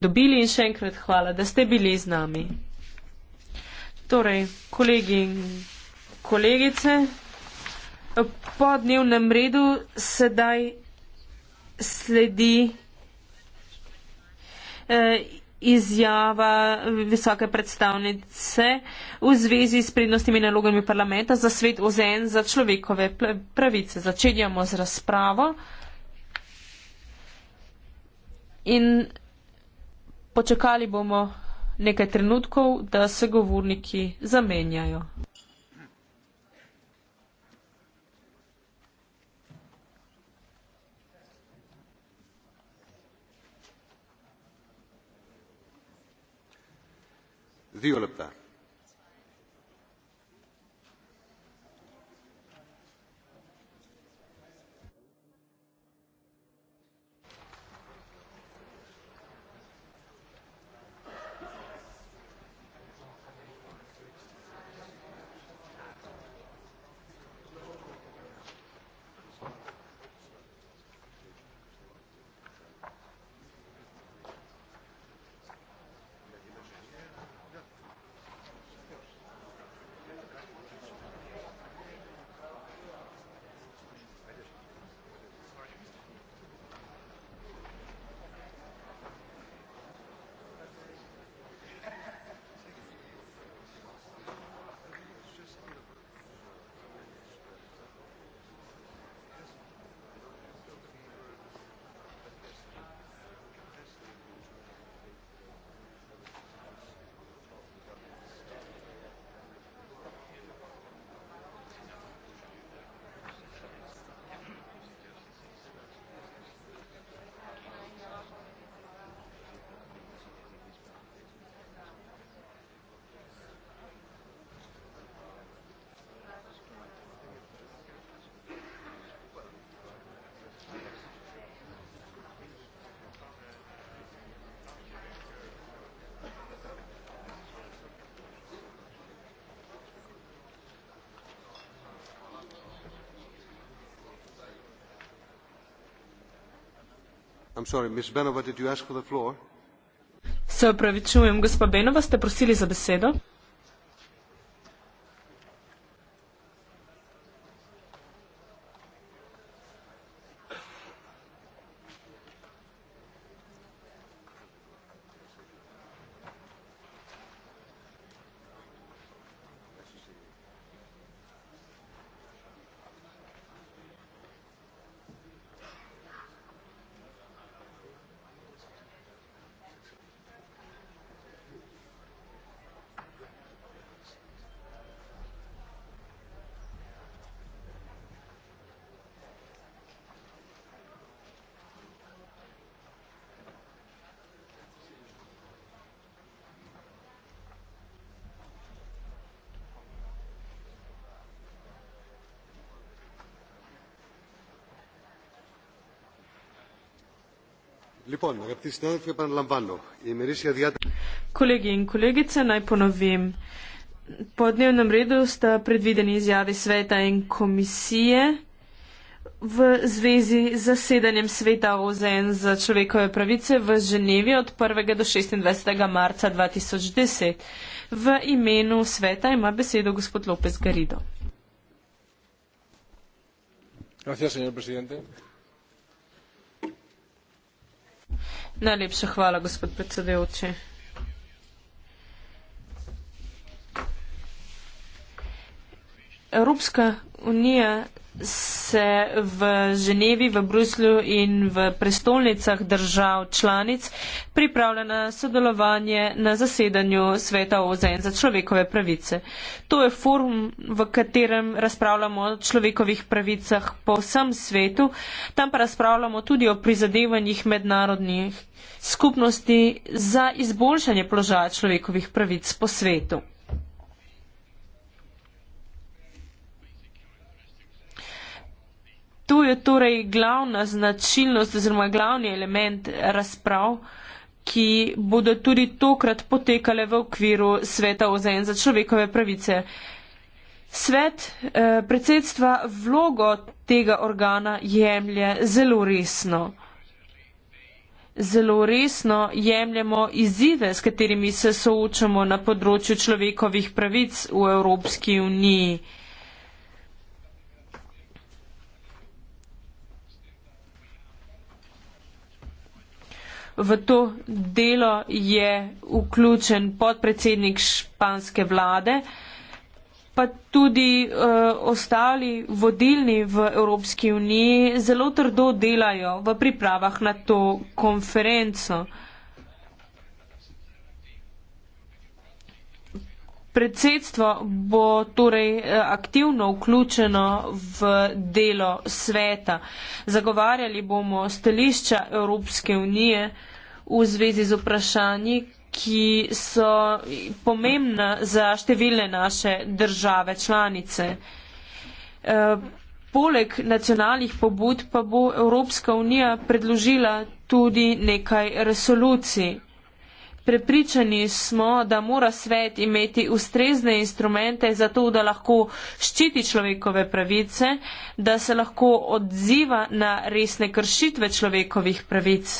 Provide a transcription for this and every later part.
dobili in še enkrat hvala, da ste bili z nami. Torej, kolegi in kolegice, po dnevnem redu sedaj sledi eh, izjava visoke predstavnice v zvezi s prednostimi nalogami parlamenta za svet OZN za človekove pravice. Začenjamo z razpravo. In Počakali bomo nekaj trenutkov, da se govorniki zamenjajo. Vi olepta. se opravičujem gospa benova ste prosili za besedo? Kolegi in kolegice, naj ponovim. Po dnevnem redu sta predvideni izjavi sveta in komisije v zvezi z zasedanjem sveta OZN za človekove pravice v Ženevi od 1. do 26. marca 2010. V imenu sveta ima besedo gospod López Garido. Gracias, señor presidente. Najlepša hvala, gospod predsedujoči. Evropska unija se v Ženevi, v Bruslju in v prestolnicah držav članic pripravlja na sodelovanje na zasedanju sveta OZN za človekove pravice. To je forum, v katerem razpravljamo o človekovih pravicah po vsem svetu, tam pa razpravljamo tudi o prizadevanjih mednarodnih skupnosti za izboljšanje položaja človekovih pravic po svetu. To je torej glavna značilnost oziroma glavni element razprav, ki bodo tudi tokrat potekale v okviru Sveta OZN za človekove pravice. Svet eh, predsedstva vlogo tega organa jemlje zelo resno. Zelo resno jemljemo izzive, s katerimi se soočamo na področju človekovih pravic v Evropski uniji. Eh, v to delo je vključen podpredsednik španske vlade, pa tudi uh, ostali vodilni v Evropski uniji zelo trdo delajo v pripravah na to konferenco. Predsedstvo bo torej eh, aktivno vključeno v delo sveta. Zagovarjali bomo stališča Evropske unije v zvezi z vprašanji, ki so pomembna za številne naše države članice. Eh, poleg nacionalnih pobud pa bo Evropska unija predložila tudi nekaj resolucij. Prepričani smo, da mora svet imeti ustrezne instrumente za to, da lahko ščiti človekove pravice, da se lahko odziva na resne kršitve človekovih pravic.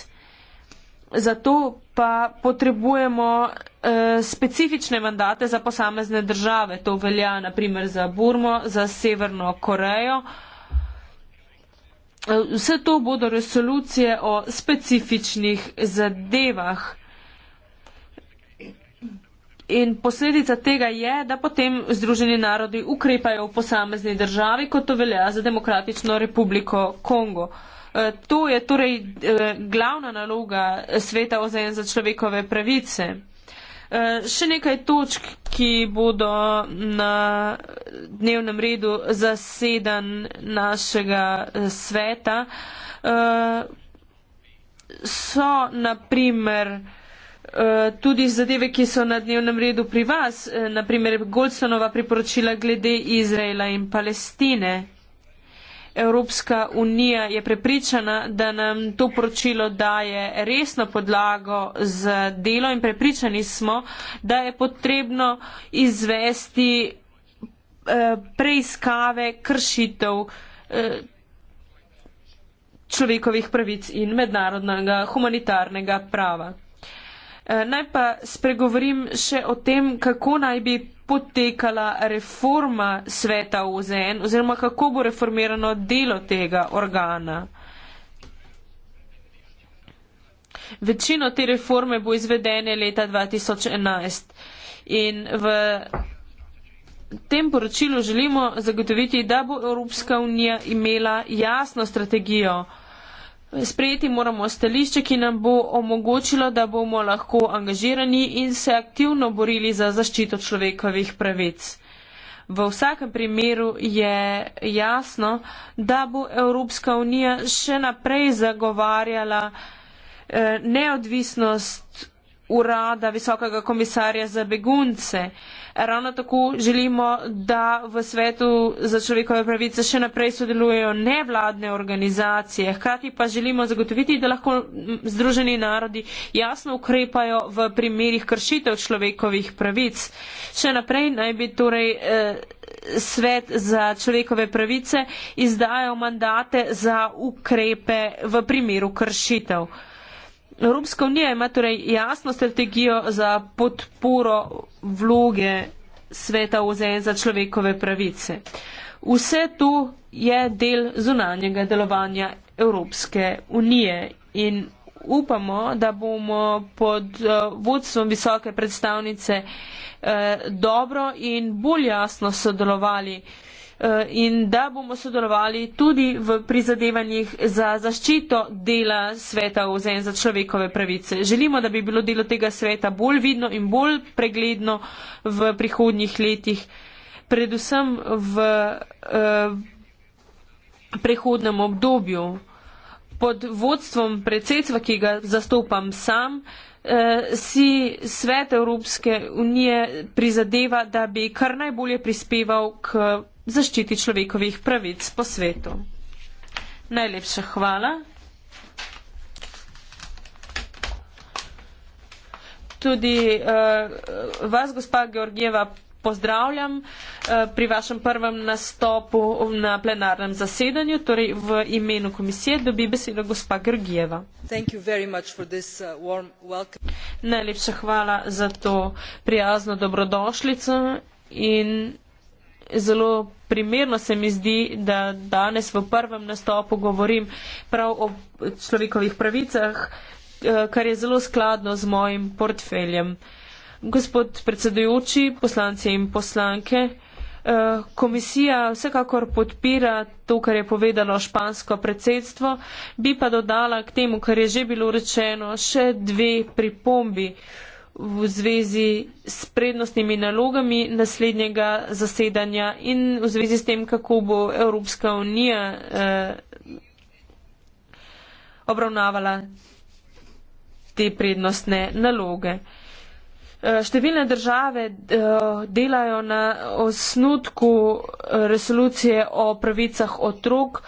Zato pa potrebujemo eh, specifične mandate za posamezne države. To velja naprimer za Burmo, za Severno Korejo. Eh, vse to bodo resolucije o specifičnih zadevah. In posledica tega je, da potem Združeni narodi ukrepajo v posamezni državi, kot to velja za Demokratično republiko Kongo. E, to je torej e, glavna naloga sveta OZN za človekove pravice. E, še nekaj točk, ki bodo na dnevnem redu zasedan našega sveta, so naprimer Eh, tudi zadeve, ki so na dnevnem redu pri vas, eh, naprimer Goldstonova priporočila glede Izraela in Palestine. Evropska unija je prepričana, da nam to poročilo daje resno podlago za delo in prepričani smo, da je potrebno izvesti eh, preiskave kršitev človekovih pravic in mednarodnega humanitarnega prava. Eh, naj pa spregovorim še o tem, kako naj bi potekala reforma sveta OZN oziroma kako bo reformirano delo tega organa. Večino te reforme bo izvedene leta 2011 in v tem poročilu želimo zagotoviti, da bo Evropska unija imela jasno strategijo sprejeti moramo stališče, ki nam bo omogočilo, da bomo lahko angažirani in se aktivno borili za zaščito človekovih pravic. V vsakem primeru je jasno, da bo Evropska unija še naprej zagovarjala eh, neodvisnost urada visokega komisarja za begunce. Ravno tako želimo, da v svetu za človekove pravice še naprej sodelujejo nevladne organizacije. Hkrati pa želimo zagotoviti, da lahko Združeni narodi jasno ukrepajo v primerih kršitev človekovih pravic. Še naprej naj bi torej eh, svet za človekove pravice izdajal mandate za ukrepe v primeru kršitev. Evropska unija ima torej jasno strategijo za podporo vloge sveta OZN e za človekove pravice. Vse to je del zunanjega delovanja Evropske unije in upamo, da bomo pod eh, vodstvom visoke predstavnice eh, dobro in bolj jasno sodelovali eh, Eh, in da bomo sodelovali tudi v prizadevanjih za zaščito dela sveta OZN za človekove pravice. Želimo, da bi bilo delo tega sveta bolj vidno in bolj pregledno v prihodnjih letih, predvsem v eh, prehodnem obdobju. Pod vodstvom predsedstva, ki ga zastopam sam, eh, si Svet Evropske unije prizadeva, da bi kar najbolje prispeval k zaščiti človekovih pravic po svetu. Najlepša hvala. Tudi uh, vas, gospa Georgieva, pozdravljam uh, pri vašem prvem nastopu na plenarnem zasedanju, torej v imenu komisije dobi besedo gospa Georgieva. Uh, Najlepša hvala za to prijazno dobrodošlico in zelo primerno se mi zdi, da danes v prvem nastopu govorim prav o človekovih pravicah, eh, kar je zelo skladno z mojim portfeljem. Gospod predsedujoči, poslanci in poslanke, eh, komisija vsekakor podpira to, kar je povedalo špansko predsedstvo, bi pa dodala k temu, kar je že bilo rečeno, še dve pripombi v zvezi s prednostnimi nalogami naslednjega zasedanja in v zvezi s tem, kako bo Evropska unija eh, obravnavala te prednostne naloge. Eh, številne države eh, delajo na osnutku eh, resolucije o pravicah otrok,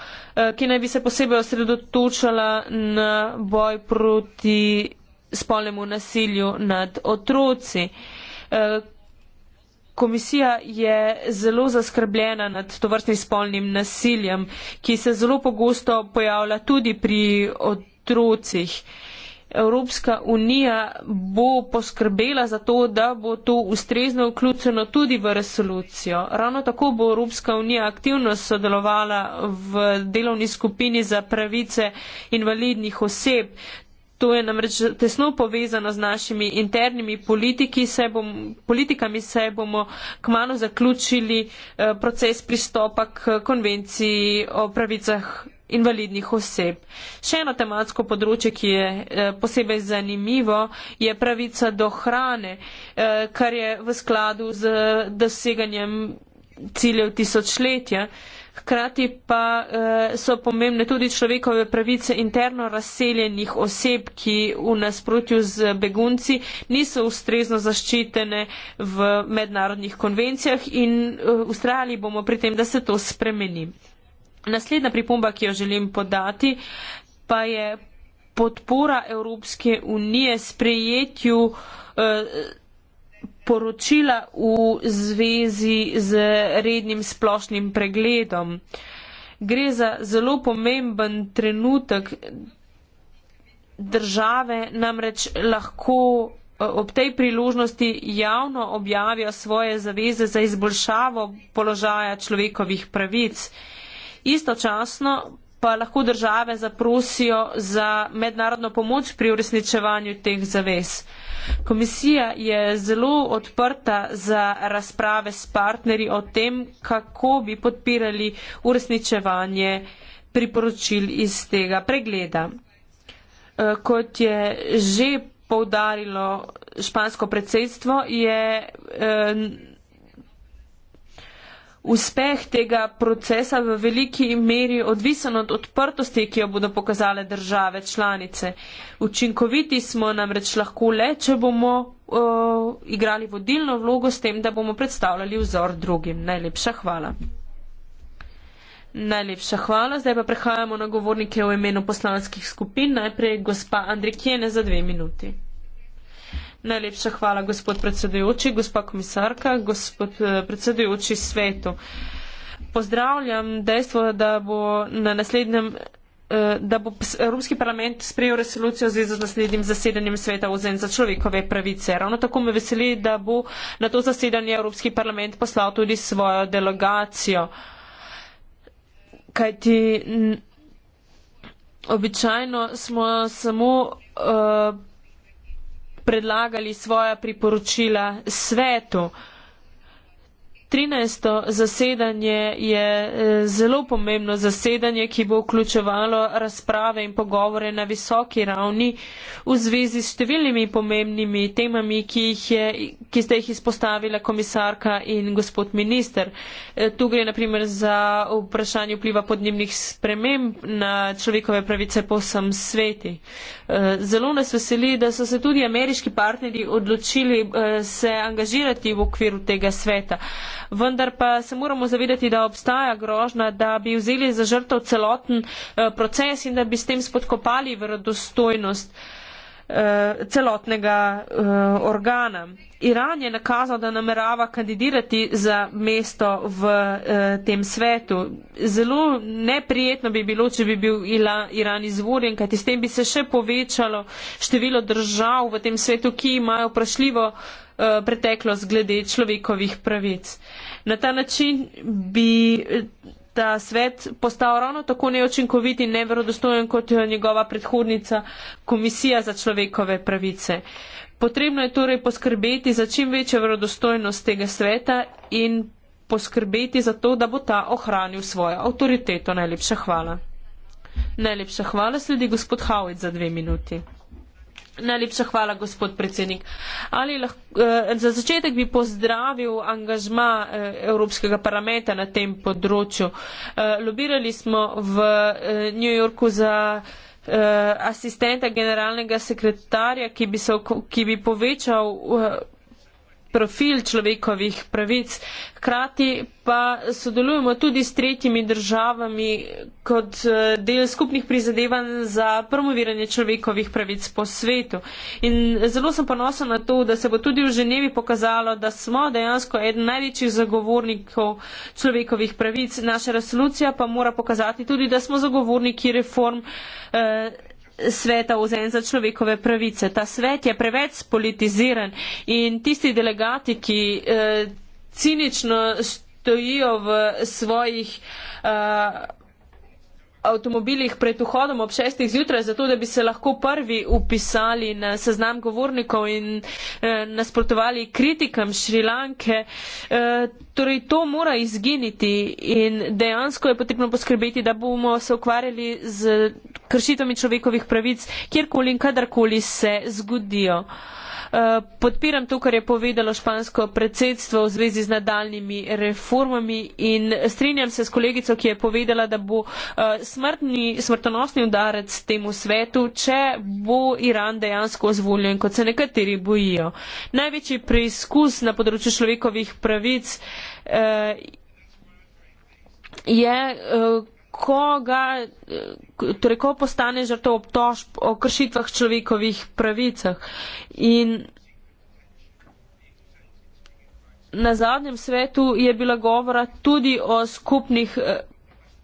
ki naj bi se posebej osredotočala na boj proti spolnemu nasilju nad otroci. E, komisija je zelo zaskrbljena nad tovrstnim spolnim nasiljem, ki se zelo pogosto pojavlja tudi pri otrocih. Evropska unija bo poskrbela za to, da bo to ustrezno vključeno tudi v resolucijo. Ravno tako bo Evropska unija aktivno sodelovala v delovni skupini za pravice invalidnih oseb. To je namreč tesno povezano z našimi internimi se bom, politikami, se bomo kmalo zaključili eh, proces pristopa k konvenciji o pravicah invalidnih oseb. Še eno tematsko področje, ki je eh, posebej zanimivo, je pravica do hrane, eh, kar je v skladu z doseganjem ciljev tisočletja. Hkrati pa eh, so pomembne tudi človekove pravice interno razseljenih oseb, ki v nasprotju z begunci niso ustrezno zaščitene v mednarodnih konvencijah in eh, ustrajali bomo pri tem, da se to spremeni. Naslednja pripomba, ki jo želim podati, pa je podpora Evropske unije sprejetju. Eh, poročila v zvezi z rednim splošnim pregledom. Gre za zelo pomemben trenutek države, namreč lahko eh, ob tej priložnosti javno objavijo svoje zaveze za izboljšavo položaja človekovih pravic. Istočasno pa lahko države zaprosijo za mednarodno pomoč pri uresničevanju teh zavez. Komisija je zelo odprta za razprave s partnerji o tem, kako bi podpirali uresničevanje priporočil iz tega pregleda. E, kot je že poudarilo špansko predsedstvo, je e, uspeh tega procesa v veliki meri odvisen od odprtosti, ki jo bodo pokazale države članice. Učinkoviti smo namreč lahko le, če bomo o, igrali vodilno vlogo s tem, da bomo predstavljali vzor drugim. Najlepša hvala. Najlepša hvala. Zdaj pa prehajamo na govornike v imenu poslanskih skupin. Najprej gospa Andrikjene za dve minuti. Najlepša hvala, gospod predsedujoči, gospa komisarka, gospod eh, predsedujoči svetu. Pozdravljam dejstvo, da bo na naslednjem eh, da bo Evropski parlament sprejel resolucijo v zvezi z naslednjim zasedanjem sveta OZN za človekove pravice. Ravno tako me veseli, da bo na to zasedanje Evropski parlament poslal tudi svojo delegacijo. Kajti običajno smo samo uh, predlagali svoja priporočila svetu. 13. zasedanje je eh, zelo pomembno zasedanje, ki bo vključevalo razprave in pogovore na visoki ravni v zvezi s številnimi pomembnimi temami, ki, je, ki ste jih izpostavila komisarka in gospod minister. Eh, tu gre naprimer za vprašanje vpliva podnebnih sprememb na človekove pravice po vsem svetu. Eh, zelo nas veseli, da so se tudi ameriški partnerji odločili se angažirati v okviru tega sveta vendar pa se moramo zavedati, da obstaja grožna, da bi vzeli za žrtev celoten eh, proces in da bi s tem spodkopali verodostojnost eh, celotnega eh, organa. Iran je nakazal, da namerava kandidirati za mesto v tem svetu. Zelo neprijetno bi bilo, če bi bil Iran izvorjen, kajti s tem bi se še povečalo število držav v tem svetu, ki imajo vprašljivo Eh, preteklost glede človekovih pravic. Na ta način bi eh, ta svet postal ravno tako neočinkovit in neverodostojen kot njegova predhodnica Komisija za človekove pravice. Potrebno je torej poskrbeti za čim večjo verodostojnost tega sveta in poskrbeti za to, da bo ta ohranil svojo avtoriteto. Najlepša hvala. Najlepša hvala, sledi gospod Howitt za dve minuti. Najlepša hvala, gospod predsednik. Ali lahko, eh, za začetek bi pozdravil angažma eh, Evropskega parlamenta na tem področju. Eh, lobirali smo v eh, New Yorku za eh, asistenta generalnega sekretarja, ki bi, so, ki bi povečal. Eh, profil človekovih pravic. Hkrati pa sodelujemo tudi s tretjimi državami kot eh, del skupnih prizadevanj za promoviranje človekovih pravic po svetu. In zelo sem ponosen na to, da se bo tudi v Ženevi pokazalo, da smo dejansko eden največjih zagovornikov človekovih pravic. Naša resolucija pa mora pokazati tudi, da smo zagovorniki reform. Eh, sveta OZN za človekove pravice. Ta svet je preveč spolitiziran in tisti delegati, ki eh, cinično stojijo v svojih eh, avtomobilih pred vhodom ob šestih zjutraj, zato da bi se lahko prvi upisali na seznam govornikov in eh, nasprotovali kritikam Šrilanke. Eh, Torej, to mora izginiti in dejansko je potrebno poskrbeti, da bomo se ukvarjali z kršitami človekovih pravic, kjerkoli in kadarkoli se zgodijo. Eh, podpiram to, kar je povedalo špansko predsedstvo v zvezi z nadaljnimi reformami in strinjam se s kolegico, ki je povedala, da bo eh, smrtni, smrtonosni udarec temu svetu, če bo Iran dejansko ozvoljen, kot se nekateri bojijo. Največji preizkus na področju človekovih pravic uh, eh, je, eh, ko, ga, eh, torej, ko postane žrtev obtožb o kršitvah človekovih pravicah. In na zadnjem svetu je bila govora tudi o skupnih. Eh,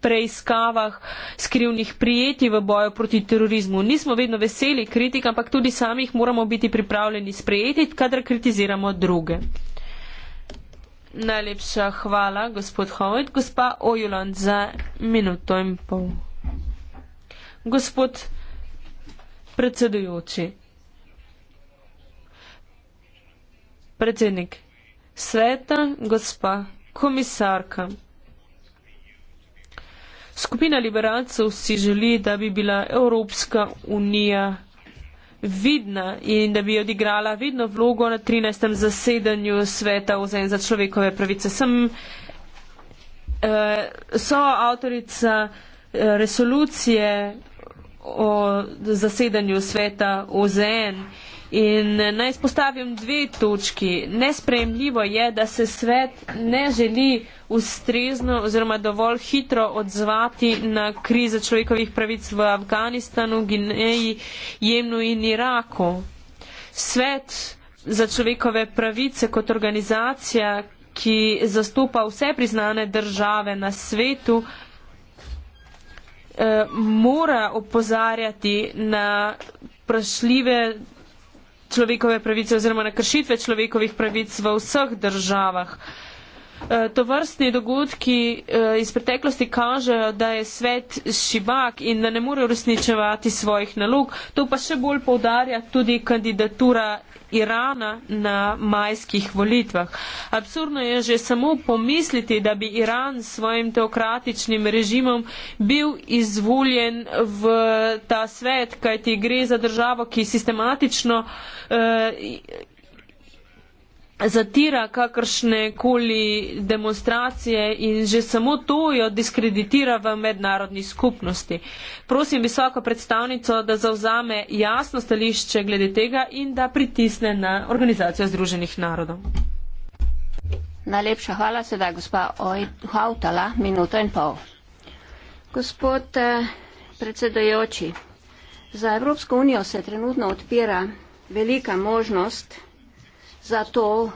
preiskavah skrivnih prijetij v boju proti terorizmu. Nismo vedno veseli kritik, ampak tudi sami jih moramo biti pripravljeni sprejeti, kadar kritiziramo druge. Najlepša hvala, gospod Hovet. Gospa Ojulon za minuto in pol. Gospod predsedujoči. Predsednik sveta, gospa komisarka. Skupina liberalcev si želi, da bi bila Evropska unija vidna in da bi odigrala vidno vlogo na 13. zasedanju sveta OZN za človekove pravice. Sem eh, so avtorica eh, resolucije o zasedanju sveta OZN. In naj spostavim dve točki. Nespremljivo je, da se svet ne želi ustrezno oziroma dovolj hitro odzvati na krize človekovih pravic v Afganistanu, Gineji, Jemnu in Iraku. Svet za človekove pravice kot organizacija, ki zastopa vse priznane države na svetu, eh, mora opozarjati na prašljive človekove pravice oziroma na kršitve človekovih pravic v vseh državah. E, to vrstni dogodki e, iz preteklosti kažejo, da je svet šibak in da ne more uresničevati svojih nalog. To pa še bolj povdarja tudi kandidatura Irana na majskih volitvah. Absurdno je že samo pomisliti, da bi Iran s svojim teokratičnim režimom bil izvoljen v ta svet, kajti gre za državo, ki sistematično eh, zatira kakršne koli demonstracije in že samo to jo diskreditira v mednarodni skupnosti. Prosim visoko predstavnico, da zauzame jasno stališče glede tega in da pritisne na Organizacijo združenih narodov. Najlepša hvala, sedaj gospa Ojhautala, minuto in pol. Gospod eh, predsedojoči, za Evropsko unijo se trenutno odpira velika možnost, za to,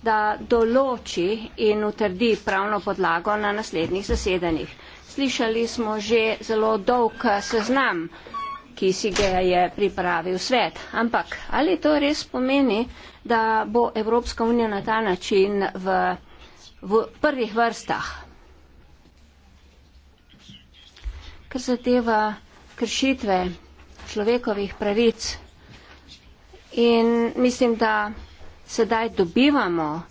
da določi in utrdi pravno podlago na naslednjih zasedanjih. Slišali smo že zelo dolg eh, seznam, ki si ga je pripravil svet. Ampak ali to res pomeni, da bo Evropska unija na ta način v, v prvih vrstah? Kar zadeva kršitve človekovih pravic in mislim, da sedaj dobivamo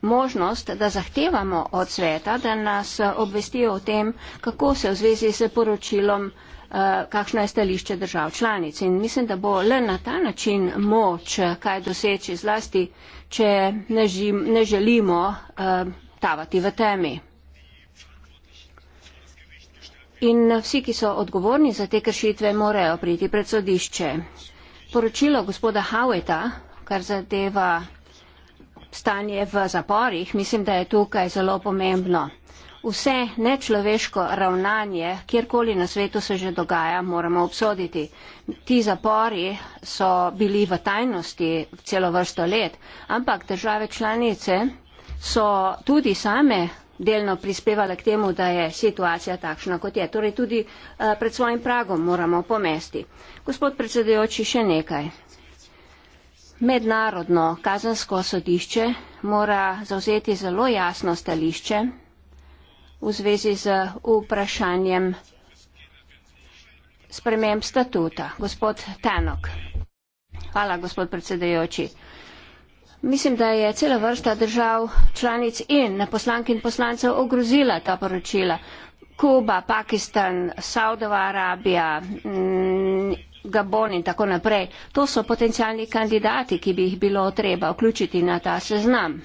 možnost, da zahtevamo od sveta, da nas obvestijo o tem, kako se v zvezi s poročilom, eh, kakšno je stališče držav članic. In mislim, da bo le na ta način moč eh, kaj doseči zlasti, če ne, žim, ne želimo uh, tavati v temi. In vsi, ki so odgovorni za te kršitve, morajo priti pred sodišče. Poročilo gospoda Haveta kar zadeva stanje v zaporih, mislim, da je tukaj zelo pomembno. Vse nečloveško ravnanje, kjerkoli na svetu se že dogaja, moramo obsoditi. Ti zapori so bili v tajnosti celo vrsto let, ampak države članice so tudi same delno prispevale k temu, da je situacija takšna, kot je. Torej tudi uh, pred svojim pragom moramo pomesti. Gospod predsedujoči, še nekaj. Mednarodno kazansko sodišče mora zauzeti zelo jasno stališče v zvezi z vprašanjem sprememb statuta. Gospod Tenok. Hvala, gospod predsedajoči. Mislim, da je cela vrsta držav članic in poslank in poslancev ogrozila ta poročila. Kuba, Pakistan, Saudova Arabija, Gabon in tako naprej. To so potencijalni kandidati, ki bi jih bilo treba vključiti na ta seznam.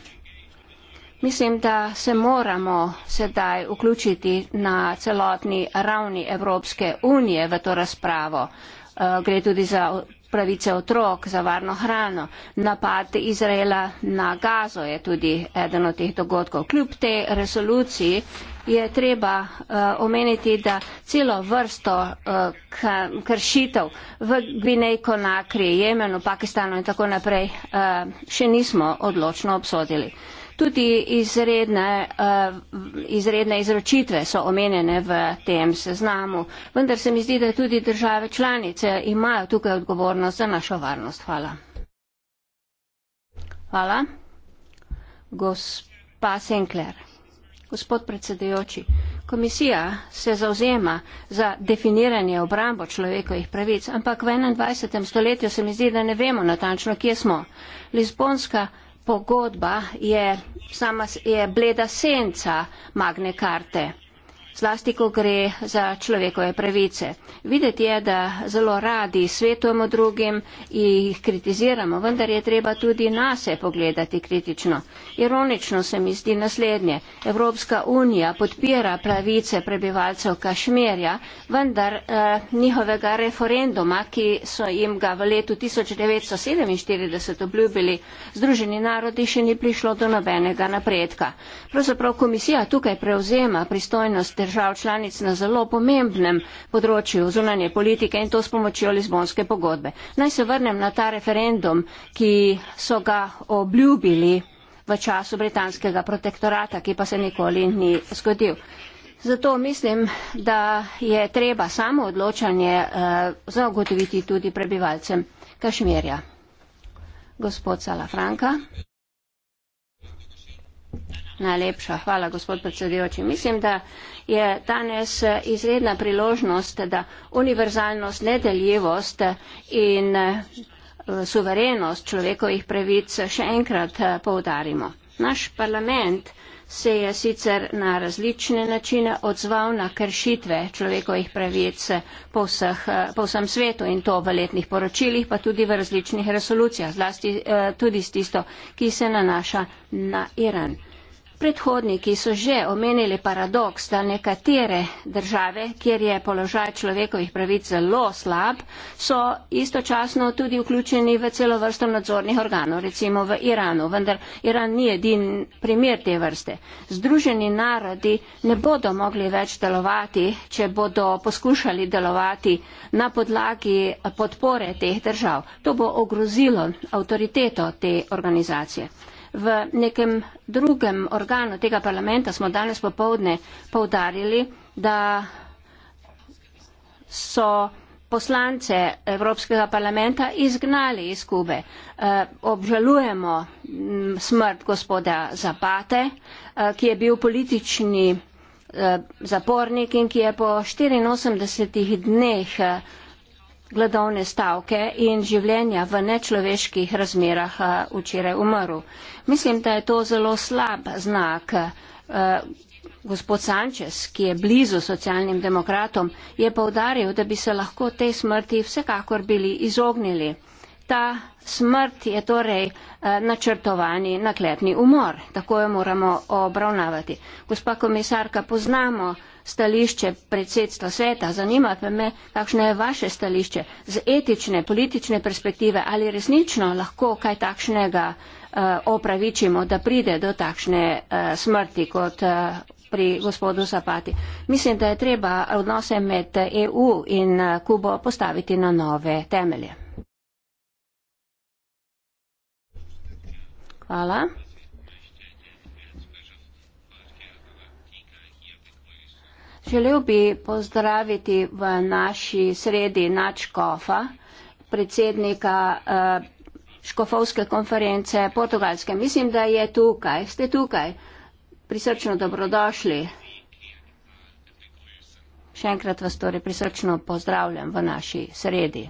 Mislim, da se moramo sedaj vključiti na celotni ravni Evropske unije v to razpravo. Eh, gre tudi za pravice otrok, za varno hrano. Napad Izraela na gazo je tudi eden od teh dogodkov. Kljub tej resoluciji je treba uh, omeniti, da celo vrsto uh, kršitev v Gvineji, Konakri, Jemenu, Pakistanu in tako naprej uh, še nismo odločno obsodili. Tudi izredne, uh, izredne izročitve so omenjene v tem seznamu, vendar se mi zdi, da tudi države članice imajo tukaj odgovornost za našo varnost. Hvala. Hvala. Gospa Sinclair. Gospod predsedujoči, komisija se zauzema za definiranje obrambo človekovih pravic, ampak v 21. stoletju se mi zdi, da ne vemo natančno, kje smo. Lizbonska pogodba je, sama, je bleda senca magne karte zlasti ko gre za človekove pravice. Videti je, da zelo radi svetujemo drugim in jih kritiziramo, vendar je treba tudi nase pogledati kritično. Ironično se mi zdi naslednje. Evropska unija podpira pravice prebivalcev Kašmirja, vendar eh, njihovega referenduma, ki so jim ga v letu 1947 obljubili Združeni narodi, še ni prišlo do nobenega napredka. Pravzaprav komisija tukaj prevzema pristojnost držav članic na zelo pomembnem področju zunanje politike in to s pomočjo Lizbonske pogodbe. Naj se vrnem na ta referendum, ki so ga obljubili v času britanskega protektorata, ki pa se nikoli ni zgodil. Zato mislim, da je treba samo odločanje eh, zagotoviti tudi prebivalcem Kašmirja. Gospod Salafranka. Najlepša hvala, gospod predsedujoči. Mislim, da je danes eh, izredna priložnost, da univerzalnost, nedeljivost eh, in eh, suverenost človekovih pravic še enkrat poudarimo. Naš parlament se je sicer na različne načine odzval na kršitve človekovih pravic po, vseh, po vsem svetu in to v letnih poročilih, pa tudi v različnih resolucijah, zlasti eh, tudi s tisto, ki se nanaša na Iran predhodniki so že omenili paradoks, da nekatere države, kjer je položaj človekovih pravic zelo slab, so istočasno tudi vključeni v celo vrsto nadzornih organov, recimo v Iranu. Vendar Iran ni edin primer te vrste. Združeni narodi ne bodo mogli več delovati, če bodo poskušali delovati na podlagi podpore teh držav. To bo ogrozilo avtoriteto te organizacije v nekem drugem organu tega parlamenta smo danes popovdne povdarili, da so poslance Evropskega parlamenta izgnali iz Kube. Eh, obžalujemo mm, smrt gospoda Zapate, eh, ki je bil politični eh, zapornik in ki je po 84 dneh gladovne stavke in življenja v nečloveških razmerah včeraj umrl. Mislim, da je to zelo slab znak. Gospod Sančes, ki je blizu socialnim demokratom, je povdaril, da bi se lahko tej smrti vsekakor bili izognili. Ta smrt je torej načrtovani nakletni umor, tako jo moramo obravnavati. Gospa komisarka, poznamo stališče predsedstva sveta. Zanima pa me, kakšno je vaše stališče z etične, politične perspektive, ali resnično lahko kaj takšnega uh, opravičimo, da pride do takšne uh, smrti kot uh, pri gospodu Zapati. Mislim, da je treba odnose med EU in Kubo postaviti na nove temelje. Hvala. Želel bi pozdraviti v naši sredi načkofa, predsednika uh, škofovske konference Portugalske. Mislim, da je tukaj. Ste tukaj? Prisrčno dobrodošli. Še enkrat vas torej prisrčno pozdravljam v naši sredi.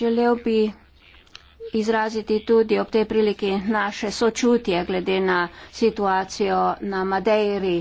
Želel bi izraziti tudi ob tej priliki naše sočutje glede na situacijo na Madeiri.